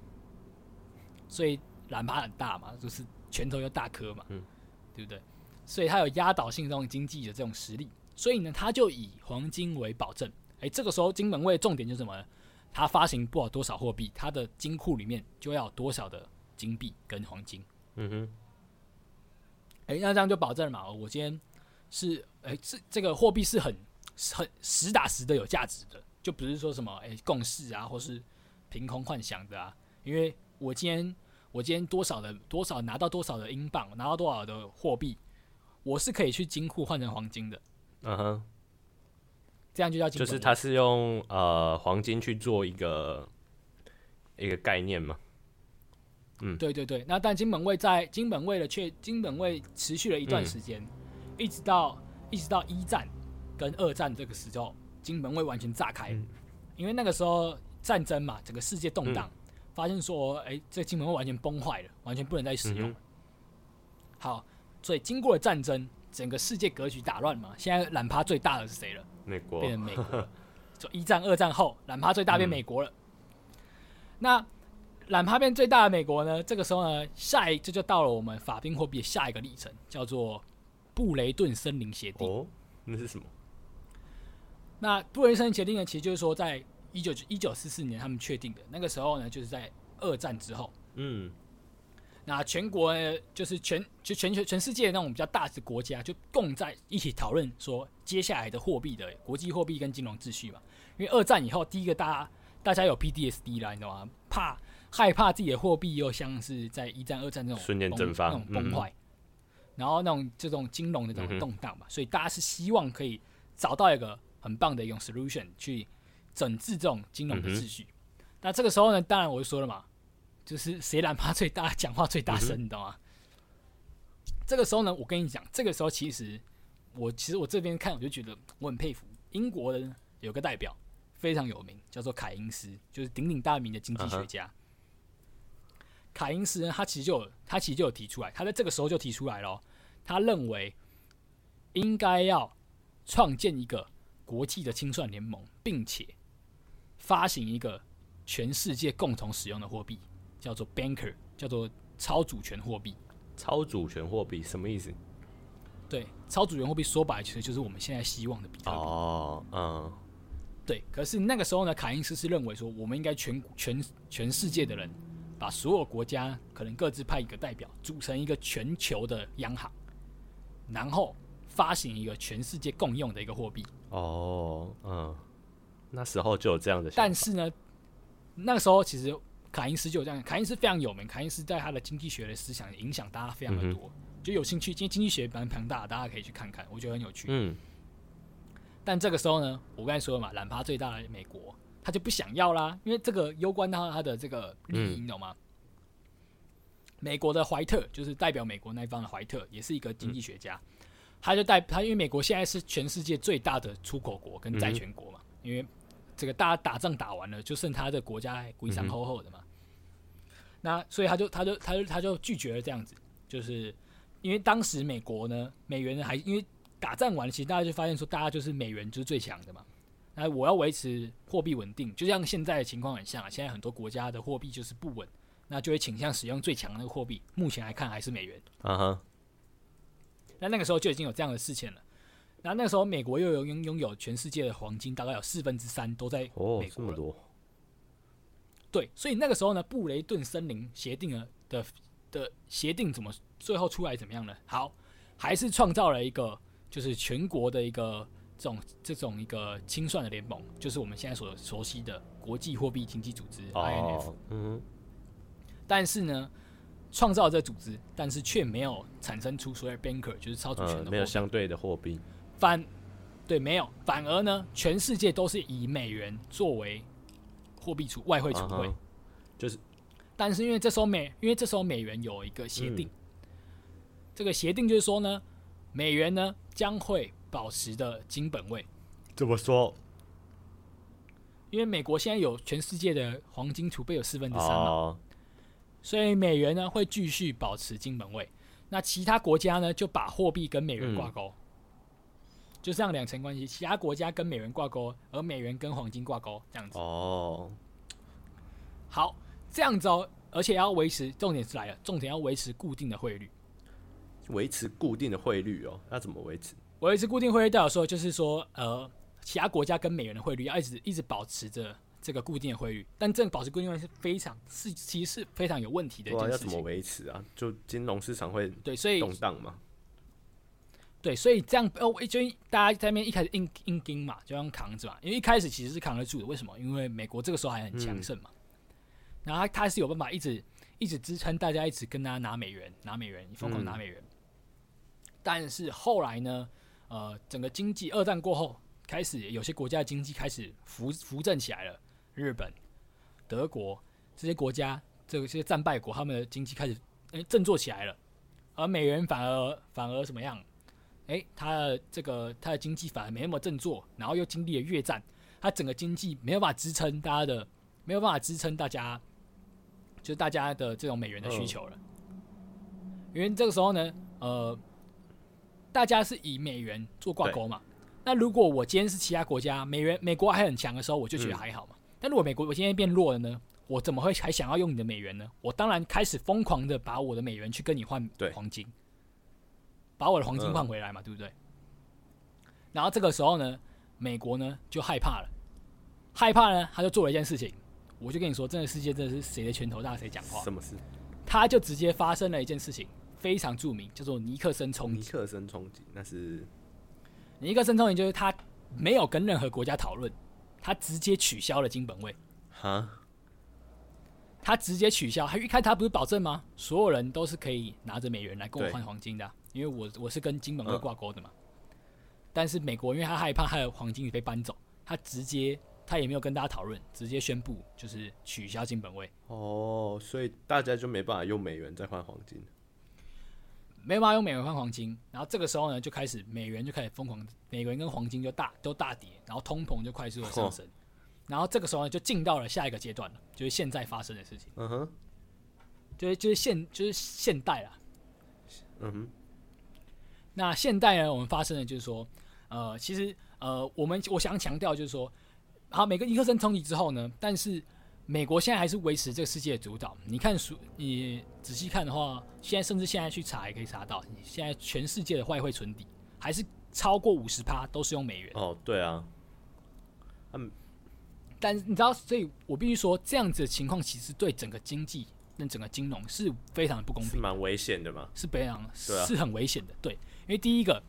所以懶趴很大嘛，就是拳頭要大顆嘛，嗯，對不對？所以他有壓倒性這種經濟的這種實力，所以呢，他就以黃金為保證。哎、欸，這個時候金本位的重點就是什麼？它發行不了多少貨幣，它的金庫裡面就要有多少的金幣跟黃金。嗯哼，哎、欸，那這樣就保證了嘛？我今天是哎、欸，這這個貨幣是很很實打實的有價值的，就不是說什麼哎、欸、共識啊，或是憑空幻想的啊。因為我今天我今天多少的多少拿到多少的英鎊，拿到多少的貨幣，我是可以去金庫換成黃金的。嗯、啊、哼。這樣就叫金本位，就是它是用呃黃金去做一個一個概念嘛，嗯，對對對。那但金本位，在金本位的確，金本位持續了一段時間，嗯、一直到一直到一戰跟二戰這個時候，金本位完全炸開，嗯、因為那個時候戰爭嘛，整個世界動盪，嗯、發現說，哎、欸，這個、金本位完全崩壞了，完全不能再使用。嗯嗯好，所以經過了戰爭。整個世界格局打亂嘛，現在懶趴最大的是誰了？美國變美國，就一戰、 二戰後，懶趴最大變美國了。嗯、那懶趴變最大的美國呢？這個時候呢，下一這就，就到了我們法定貨幣的下一個歷程，叫做布雷頓森林協定。哦、那是什麼？那布雷頓森林協定呢？其實就是說在，在一九一九四四年他們確定的那個時候呢，就是在二戰之後。嗯。那全國呢，就是全就全球全世界的那種比較大的國家，就共在一起討論說接下來的貨幣的國際貨幣跟金融秩序嘛。因為二戰以後，第一個大家大家有 PTSD 啦，你知道嗎？怕害怕自己的貨幣又像是在一戰、二戰那種崩瞬間蒸發、那種崩壞，嗯、然後那種這種金融的這種動盪嘛。嗯、哼所以大家是希望可以找到一個很棒的一種 solution 去整治這種金融的秩序。嗯、哼那這個時候呢，當然我就說了嘛。就是誰喇叭最大，講話最大聲，你知道嗎？Uh huh. 這個時候呢，我跟你講，這個時候其實我其實我這邊看，我就覺得我很佩服英國的有個代表非常有名，叫做凱因斯，就是鼎鼎大名的經濟學家。凱、uh huh. 因斯呢，他其實就有他其實就有提出來，他在這個時候就提出來了，他認為應該要創建一個國際的清算聯盟，並且發行一個全世界共同使用的貨幣。叫做 banker，叫做超主權貨幣。超主權貨幣什麼意思？對，超主權貨幣說白了其實就是我們現在希望的比特幣。哦，嗯。對，可是那個時候呢，凱因斯是認為說，我們應該全全全世界的人把所有國家可能各自派一個代表，組成一個全球的央行，然後發行一個全世界共用的一個貨幣。哦，嗯。那時候就有這樣的。但是呢，那個時候其實。凱恩斯就這樣，凱恩斯非常有名，凱恩斯在他的經濟學的思想影響大家非常的多。嗯、哼就有興趣，因為經濟學蠻龐大的，大家可以去看看，我覺得很有趣。嗯、但這個時候呢，我剛才說了嘛，懶趴最大的美國，他就不想要啦，因為這個攸關到他的這個利益，嗯、你懂嗎？美國的懷特就是代表美國那一方的懷特，也是一個經濟學家，嗯、他就代他，因為美國現在是全世界最大的出口國跟債權國嘛，嗯、哼因為。這個大家打仗打完了，就剩他的國家還骨傷厚厚的嘛。嗯、哼那所以他就他就他就他就，他就拒絕了這樣子，就是因為當時美國呢，美元呢還因為打仗完，了，其實大家就發現說，大家就是美元就是最強的嘛。那我要維持貨幣穩定，就像現在的情況很像，啊，現在很多國家的貨幣就是不穩，那就會傾向使用最強的那個貨幣。目前來看還是美元。嗯哼，啊哈。那那個時候就已經有這樣的事情了。那那個時候，美國又有擁擁有全世界的黃金，大概有四分之三都在美國。哦，這麼多。對，所以那個時候呢，布雷頓森林協定了的的協定怎麼最後出來怎麼樣呢？好，還是創造了一個就是全國的一個這種這種一個清算的聯盟，就是我們現在所熟悉的國際貨幣經濟組織 IMF。嗯。但是呢，創造這組織，但是卻沒有產生出所有 banker 就是超主權的貨幣、哦嗯嗯，沒有相對的貨幣。反，對沒有，反而呢，全世界都是以美元作為貨幣儲外匯儲備，uh huh. 就是，但是因為這時候美，因為這時候美元有一個協定，嗯、這個協定就是說呢，美元呢將會保持的金本位，怎麼說？因為美國現在有全世界的黃金儲備有四分之三嘛、啊，oh. 所以美元呢會繼續保持金本位，那其他國家呢就把貨幣跟美元掛鈎。嗯就這樣兩層關係，其他國家跟美元掛鈎，而美元跟黃金掛鈎，這樣子。哦，好，這樣子哦，而且要維持，重點是來了，重點要維持固定的匯率，維持固定的匯率哦，那怎麼維持？維持固定匯率，代表說就是說，呃，其他國家跟美元的匯率要一直一直保持着這個固定的匯率，但這保持固定匯率是非常是其實是非常有問題的一件事情。怎麼維持啊？就金融市場會對，所以動盪嘛。對，所以這樣哦，我覺得大家在那邊一開始硬硬頂嘛，就這樣扛着嘛，因為一開始其實是扛得住的。為什麼？因為美國這個時候還很強盛嘛。嗯、然後他是有辦法一直一直支撐大家，一直跟他拿美元，拿美元，瘋狂拿美元。嗯、但是後來呢，呃，整個經濟二戰過後開始，有些國家的經濟開始扶扶正起來了，日本、德國這些國家，這些戰敗國，他們的經濟開始哎、欸、振作起來了，而美元反而反而怎麼樣？哎，他的這個他的經濟反而沒那麼振作，然後又經歷了越戰，他整個經濟沒有辦法支撐大家的，沒有辦法支撐大家，就是大家的這種美元的需求了。因為這個時候呢，呃，大家是以美元做掛鈎嘛。對那如果我今天是其他國家，美元美國還很強的時候，我就覺得還好嘛。嗯、但如果美國我今天變弱了呢，我怎麼會還想要用你的美元呢？我當然開始瘋狂的把我的美元去跟你換黃金。把我的黃金換回來嘛，嗯、對不對？然後這個時候呢，美國呢就害怕了，害怕呢他就做了一件事情，我就跟你說，這個世界真的是誰的拳頭大誰講話。什麼事？他就直接發生了一件事情，非常著名，叫做尼克森衝擊。尼克森衝擊那是尼克森衝擊，就是他沒有跟任何國家討論，他直接取消了金本位。哈、啊？他直接取消，他一開始他不是保證嗎？所有人都是可以拿着美元來跟我換黃金的、啊。因為我我是跟金本位掛鈎的嘛，uh. 但是美國因為他害怕他的黃金被搬走，他直接他也沒有跟大家討論，直接宣布就是取消金本位。哦，oh, 所以大家就沒辦法用美元再換黃金，沒辦法用美元換黃金。然後這個時候呢，就開始美元就開始瘋狂，美元跟黃金就大都大跌，然後通膨就快速的上升。Oh. 然後這個時候呢，就進到了下一個階段了，就是現在發生的事情。嗯哼、uh huh.，就是就是現就是現代了。嗯哼、uh-huh. 那現在呢？我們發生的就是說，呃，其實，呃，我們我想強調就是說，好，每個尼克森衝擊之後呢，但是美國現在還是維持這個世界的主導。你看你仔細看的話，現在甚至現在去查也可以查到，你現在全世界的外匯存底還是超過五十趴，都是用美元。哦，對啊。嗯，但你知道，所以我必須說，這樣子的情況其實對整個經濟、跟整個金融是非常不公平，是蠻危險的嘛？是，非常，對啊、是很危險的，對。因為第一個，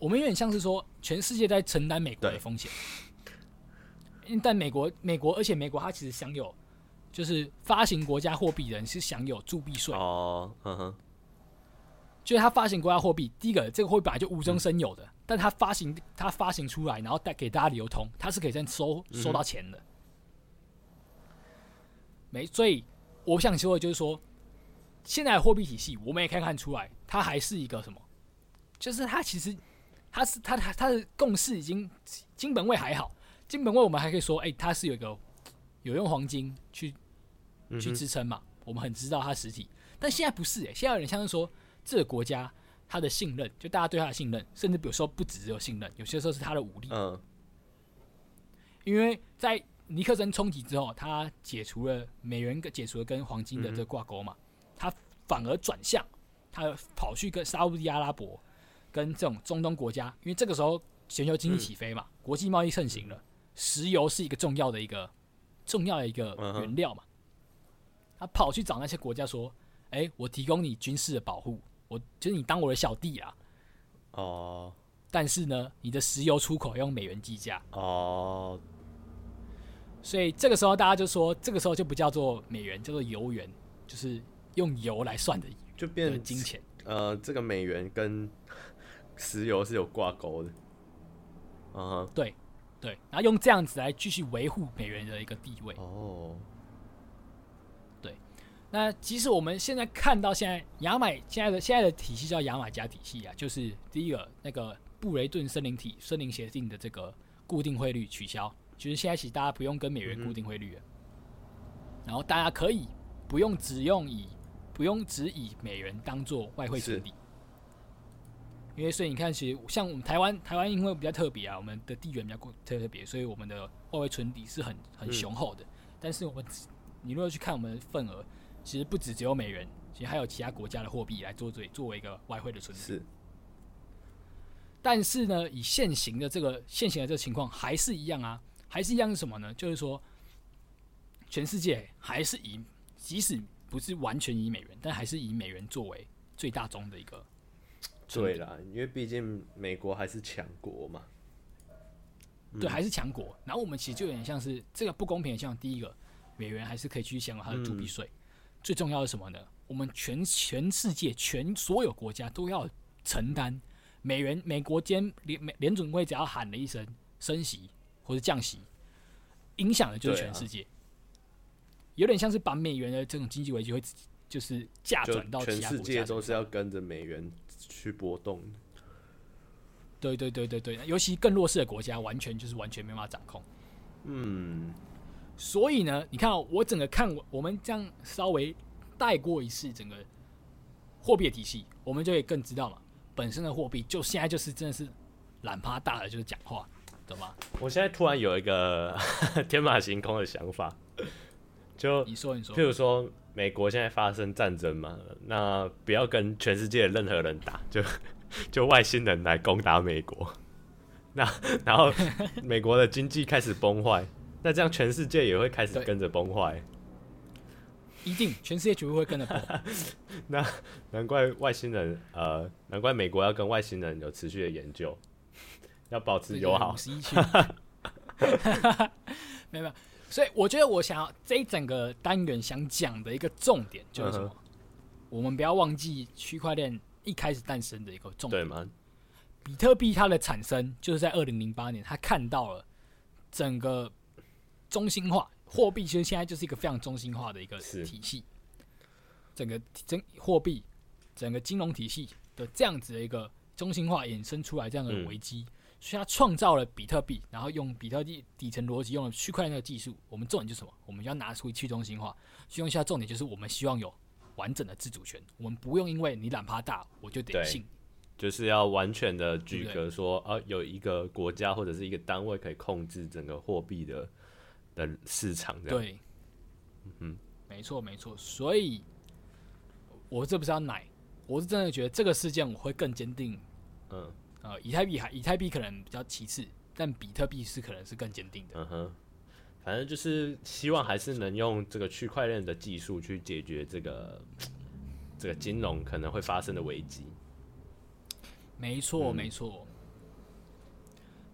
我們有點像是說，全世界在承擔美國的風險，對但美國，美國，而且美國它其實享有，就是發行國家貨幣的人是享有鑄幣稅哦，嗯哼、oh, uh，huh. 就是他發行國家貨幣，第一個，這個貨幣本來就無中生有的，嗯、但他發行，他發行出來，然後帶給大家流通，他是可以這樣收收到錢的，嗯、哼沒，所以我想說的就是說，現在的貨幣體系，我們也看看出來，它還是一個什麼？就是他其實，他是他他他的共識已經金本位還好，金本位我們還可以說，哎，他是有一個有用黃金去去支撐嘛，我們很知道他實體。但現在不是，哎，現在有點像是說這個國家他的信任，就大家對他的信任，甚至比如說不只有信任，有些時候是他的武力。因為在尼克森衝擊之後，他解除了美元跟解除了跟黃金的這個掛鈎嘛，他反而轉向，他跑去跟沙烏地阿拉伯。跟這種中東國家，因為這個時候全球經濟起飛嘛，嗯、國際貿易盛行了，嗯、石油是一個重要的一個重要的一個原料嘛，嗯、哼他跑去找那些國家說：“哎、欸，我提供你軍事的保護，我就是你當我的小弟啊。呃”哦，但是呢，你的石油出口要用美元計價哦，呃、所以這個時候大家就說，這個時候就不叫做美元，叫做油元，就是用油來算的，就變成金錢。呃，這個美元跟石油是有掛鈎的，嗯、uh，huh、對，對，然後用這樣子來繼續維護美元的一個地位。哦，oh. 對，那即使我們現在看到，現在牙買現在的現在的體系叫牙買加體系啊，就是第一個那個布雷頓森林體森林協定的這個固定匯率取消，就是現在其實大家不用跟美元固定匯率了，嗯、然後大家可以不用只用以不用只以美元當做外匯存底。因為所以你看，其實像我們台灣，台灣因為比較特別啊，我們的地緣比較特特別，所以我們的外匯存底是很很雄厚的。是。但是我們，你如果去看我們的份額，其實不止只有美元，其實還有其他國家的貨幣來做做作為一個外匯的存底。是。但是呢，以現行的這個現行的這個情況，還是一樣啊，還是一樣是什麼呢？就是說，全世界還是以，即使不是完全以美元，但還是以美元作為最大宗的一個。對啦，因為畢竟美國還是強國嘛，對，嗯、還是強國。然後我們其實就有點像是這個不公平，像第一個，美元還是可以繼續享有它的鑄幣稅。嗯、最重要是什麼呢？我們全全世界全所有國家都要承擔美元美國間聯聯聯準會只要喊了一聲升息或者降息，影響的就是全世界，啊、有點像是把美元的這種經濟危機會就是嫁轉到其他國家，全世界都是要跟着美元去波動，對對對對對，尤其更弱勢的國家，完全就是完全沒辦法掌控。嗯，所以呢，你看、哦、我整個看，我們這樣稍微帶過一次整個貨幣的體系，我們就會更知道嘛，本身的貨幣就現在就是真的是懶趴大的，就是講話，懂嗎？我現在突然有一個呵呵天馬行空的想法，就你說你說，你說譬如說。美國現在發生戰爭嘛？那不要跟全世界的任何人打，就就外星人來攻打美國。那然後 美國的經濟開始崩壞，那這樣全世界也會開始跟着崩壞。一定，全世界全部會跟着崩壞。 那難怪外星人呃，難怪美國要跟外星人有持續的研究，要保持友好。 所以，我覺得我想要這一整個單元想講的一個重點就是什麼？我們不要忘記區塊鏈一開始誕生的一個重點。對嗎？比特幣它的產生就是在二零零八年，他看到了整個中心化貨幣，其實現在就是一個非常中心化的一個體系。整個整貨幣、整個金融體系的這樣子的一個中心化衍生出來這樣的危機。所以，他創造了比特幣，然後用比特幣底層邏輯，用了區塊鏈的技術。我們重點就是什麼？我們要拿出去中心化。去中心化重點就是我們希望有完整的自主權，我們不用因為你懶趴大，我就得信。就是要完全的舉個說，嗯、啊。有一個國家或者是一個單位可以控制整個貨幣的的市場，這樣對。嗯哼沒，沒錯，沒錯。所以，我這不是要奶，我是真的覺得這個事件我會更堅定。嗯。呃，以太幣還，以太幣可能比較其次，但比特幣是可能是更堅定的。嗯哼，反正就是希望還是能用這個區塊鏈的技術去解決這個這個金融可能會發生的危機。嗯。沒錯，沒錯。嗯。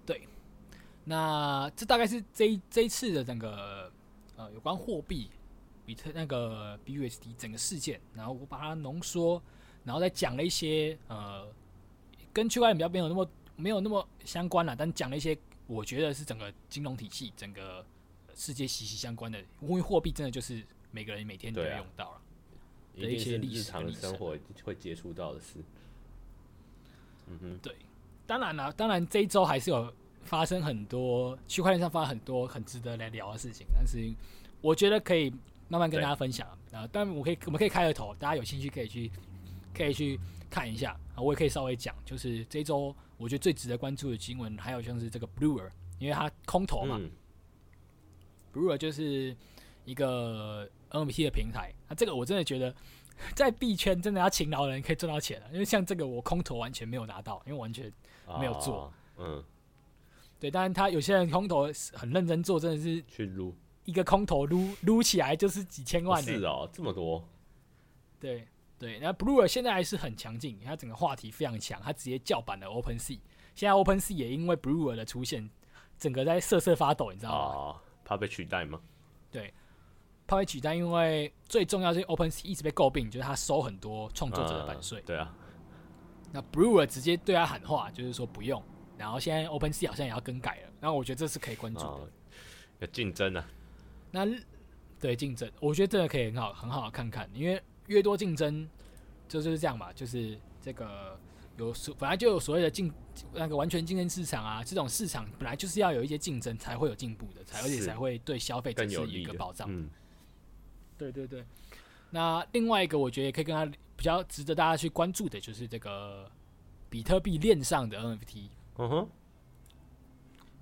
對，那這大概是這一這一次的整個，呃，那個呃有關貨幣比特那個 BUSD 整個事件，然後我把它濃縮，然後再講了一些呃。跟區塊鏈比較沒有那麼沒有那麼相關了，但講了一些我覺得是整個金融體系、整個世界息息相關的。因為貨幣真的就是每個人每天都要用到了、啊、的一些日常生活會接觸到的事。嗯哼對，當然了，當然這一周還是有發生很多區塊鏈上發生很多很值得來聊的事情，但是我覺得可以慢慢跟大家分享對啊。但我可以我們可以開個頭，大家有興趣可以去。可以去看一下，我也可以稍微講，就是這週我覺得最值得關注的新聞，還有像是這個 Blur，因為它空投嘛、嗯、，Blur 就是一個 NFT 的平台、啊、這個我真的覺得，在幣圈真的要勤勞的人可以賺到錢了、啊，因為像這個我空投完全沒有拿到，因為完全沒有做。啊、嗯，對，當然他有些人空投很認真做，真的是去擼一個空投擼擼起來就是幾千萬的、欸哦，是哦、啊，這麼多，對。對，那 Blur 現在還是很強勁，他整個話題非常強，他直接叫板了 OpenSea。現在 OpenSea 也因為 Blur 的出現，整個在瑟瑟發抖，你知道嗎？哦、怕被取代嗎？對，怕被取代，因為最重要是 OpenSea 一直被詬病，就是他收很多創作者的版稅、嗯。對啊。那 Blur 直接對他喊話，就是說不用。然後現在 OpenSea 好像也要更改了，然後我覺得這是可以關注的。哦、有競爭啊？那對競爭，我覺得這個可以很好、很好看看，因為。越多競爭，就就是這樣吧。就是這個有所本來就有所謂的競那個完全競爭市場啊，這種市場本來就是要有一些競爭才會有進步的，才是而且才會對消費者是一個保障。嗯。對對對。那另外一個，我覺得也可以跟他比較值得大家去關注的，就是這個比特幣鏈上的 NFT。嗯哼。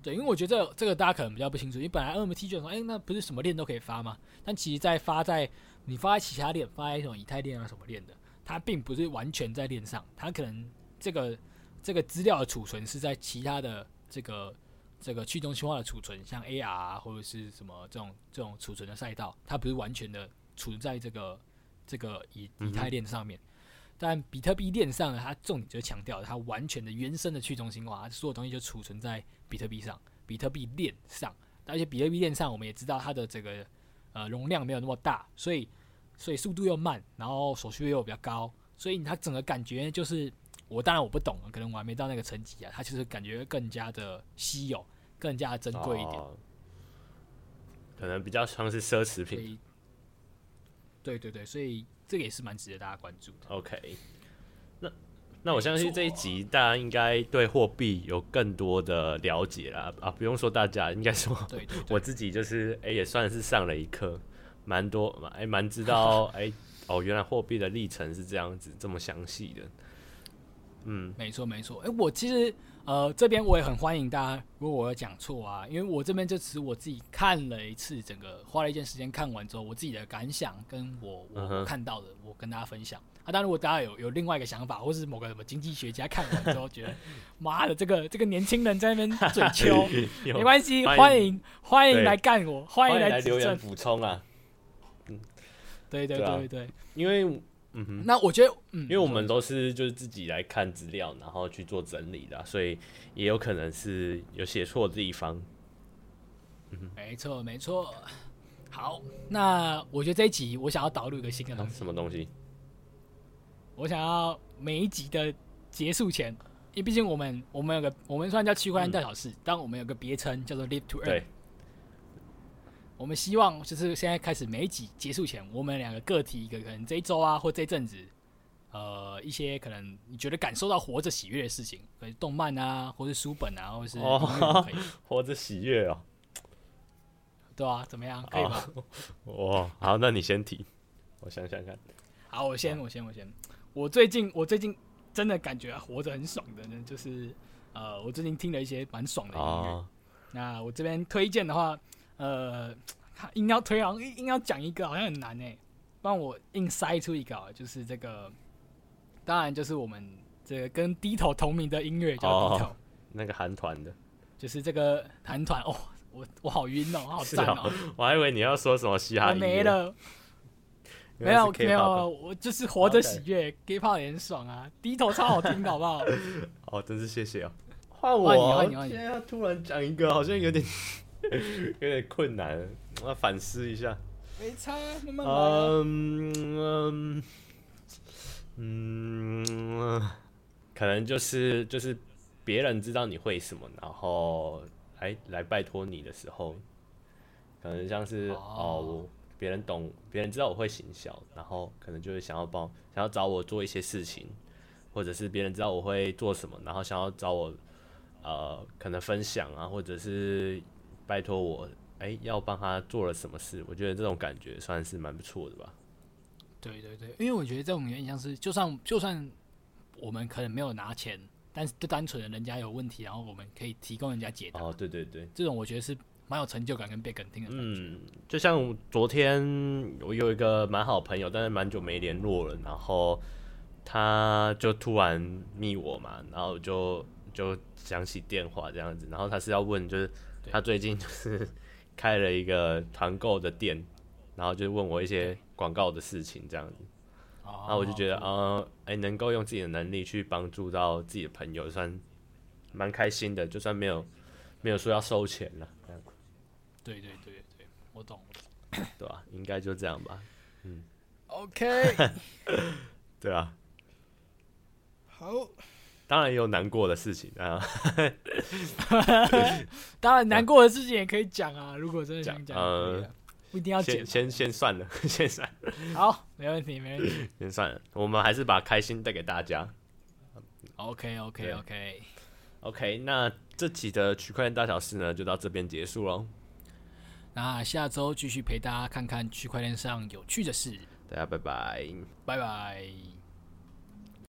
對，因為我覺得這個大家可能比較不清楚，因為本來 NFT 就是說，哎，那不是什麼鏈都可以發嗎？但其實，在發在。你放在其他鏈，放在一種以太鏈啊什麼鏈的，它並不是完全在鏈上，它可能這個這個資料的儲存是在其他的這個這個去中心化的儲存，像 AR 啊，或者是什麼這種這種儲存的賽道，它不是完全的儲存在這個這個以以太鏈上面。嗯、哼但比特幣鏈上呢，它重點就強調它完全的原生的去中心化，它所有東西就儲存在比特幣上，比特幣鏈上。而且比特幣鏈上，我們也知道它的這個。呃，容量沒有那麼大，所以，所以速度又慢，然後手續又比較高，所以它整個感覺就是，我當然我不懂，可能我還沒到那個層級啊，它就是感覺更加的稀有，更加的珍貴一點。哦，可能比較像是奢侈品。對對對，所以這個也是蠻值得大家關注的。OK。那我相信這一集大家應該對貨幣有更多的了解了啊。啊！不用說，大家應該說，我自己就是哎、欸，也算是上了一課，蠻多，哎、欸，蠻知道哎、 欸，哦，原來貨幣的歷程是這樣子，這麼詳細的。嗯，沒錯，沒錯。哎，我其實呃，這邊我也很歡迎大家，如果我有講錯啊，因為我這邊就只是我自己看了一次，整個花了一段時間看完之後，我自己的感想跟我我看到的，我跟大家分享。嗯啊！但如果大家有有另外一個想法，或是某個什麼經濟學家看完之後覺得，媽 的，這個這個年輕人在那邊嘴 Q， 有沒關係，歡迎歡迎，對歡迎來幹我，對歡迎來留言補充啊。對對對對，對，對，對，因為嗯哼，那我覺得，嗯、因為我們都是就是自己來看資料，然後去做整理的，啊，所以也有可能是有寫錯的地方。嗯哼沒錯，沒錯沒錯。好，那我覺得這一集我想要導入一個新的東西。什麼東西？我想要每一集的結束前，因為畢竟我們我們有個我們算叫區塊鏈大小事，嗯、但我們有個別稱叫做 Live to Earn。對我們希望就是現在開始每一集結束前，我們兩個各提一個可能這一周啊，或這一陣子，呃，一些可能你覺得感受到活着喜悅的事情，可能動漫啊，或是書本啊，或是可以。活着喜悅哦，哈哈哦對啊，怎麼樣，可以嗎？哇、啊，好，那你先提，我想想看。好，我先，哇我先，我先，我先。我最近我最近真的感覺、啊、活着很爽的呢，就是呃，我最近聽了一些蠻爽的音樂。哦、那我這邊推薦的話，呃，硬要推啊，硬要講一個好像很難呢、欸。幫我硬塞出一個，就是這個，當然就是我們這個跟低頭同名的音樂叫低頭、哦，那個韓團的，就是這個韓團，哦，我我好暈哦，我好贊哦，哦，我還以為你要說什麼嘻哈音樂、嗯、沒了。沒有沒有，我就是活着喜悅 gay 趴也很爽啊，低頭超好聽，好不好？好、 哦，真是謝謝啊。換我、啊，現在要突然講一個，好像有點 有點困難，我要反思一下。沒差、啊，那慢慢來，嗯嗯，um, um, um, 可能就是就是別人知道你會什麼，然後來，來拜托你的時候，可能像是哦。Oh. Oh, 別人懂，別人知道我會行銷，然後可能就會想要幫，想要找我做一些事情，或者是別人知道我會做什麼，然後想要找我，呃，可能分享啊，或者是拜托我，哎，要幫他做了什麼事，我覺得這種感覺算是蠻不錯的吧。對對對，因為我覺得這種原因像是，就算就算我們可能沒有拿錢，但是就單純的人家有問題，然後我們可以提供人家解答。哦，對對對，這種我覺得是。蠻有成就感，跟被肯定，感，跟被肯定，嗯，就像昨天我有一個蠻好朋友，但是蠻久沒聯絡了，然後他就突然密我嘛，然後就就想起電話這樣子，然後他是要問，就是他最近就是對開了一個團購的店，然後就問我一些廣告的事情這樣子，好好好好，然後我就覺得，啊、嗯，哎、嗯欸，能夠用自己的能力去幫助到自己的朋友，算蠻開心的，就算沒有沒有說要收錢了。這樣對對對對，我懂。我懂，對吧、啊？應該就這樣吧。嗯。OK。 對啊。好。當然也有難過的事情啊。哈 當然難過的事情也可以講啊， 如果真的想講，嗯、呃，不一定要講，先先先算了，先算了。 好，沒問題，沒問題。先算了，我們還是把開心帶給大家。OK OK OK OK，那這期的區塊鏈大小事呢，就到這邊結束嘍。那下週繼續陪大家看看區塊鏈上有趣的事。大家拜拜，拜拜。